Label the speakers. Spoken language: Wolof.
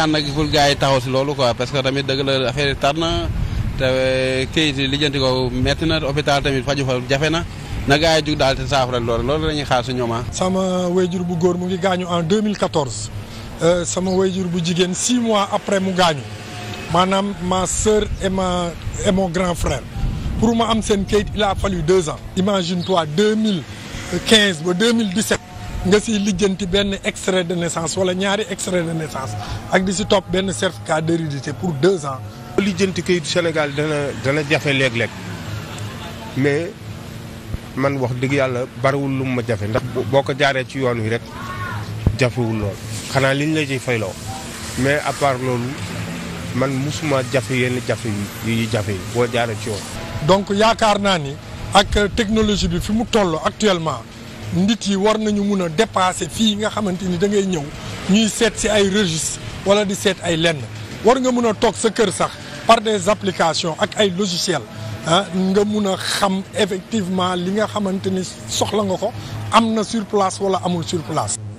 Speaker 1: ñaan nag ful gars yi taxaw si loolu quoi parce que tamit dëgg la affaire tar na te këyit yi ko metti na hôpital tamit faju fa jafe na na gars yi jug daal te saafara loolu loolu la ñuy xaar si ñoom ah.
Speaker 2: sama wayjur bu góor mu ngi gaañu en 2014 euh, sama wayjur bu jigéen six mois après mu gaañu maanaam ma soeur et ma et mon grand frère pour ma am seen këyit il a fallu deux ans imagine toi 2015 ba nga siy lijjanti benn extrait de naissance wala ñaari extrait de naissance ak di
Speaker 3: si topp benn certificat d'hérédité pour deux ans. lijjanti kayitu Sénégal dana dana jafe léeg-léeg mais man wax dëgg yàlla bariwul lu ma jafe ndax boo ko jaaree ci yoon wi rek jafewul lool xanaa liñ la ciy fayloo mais à part loolu man musuma jafe yenn jafe yi yi jafe yi boo jaaree ci yoon. donc yaakaar naa ni ak technologie bi fi mu toll actuellement. nit
Speaker 2: yi war nañu mun a dépasser fii nga xamante ni da ngay ñëw ñuy seet si ay registre wala di seet ay lenn war nga mun a toog sa kër sax par des applications ak ay logiciels ah nga mun a xam effectivement li nga xamante ni soxla nga ko am na sur place wala amul sur place.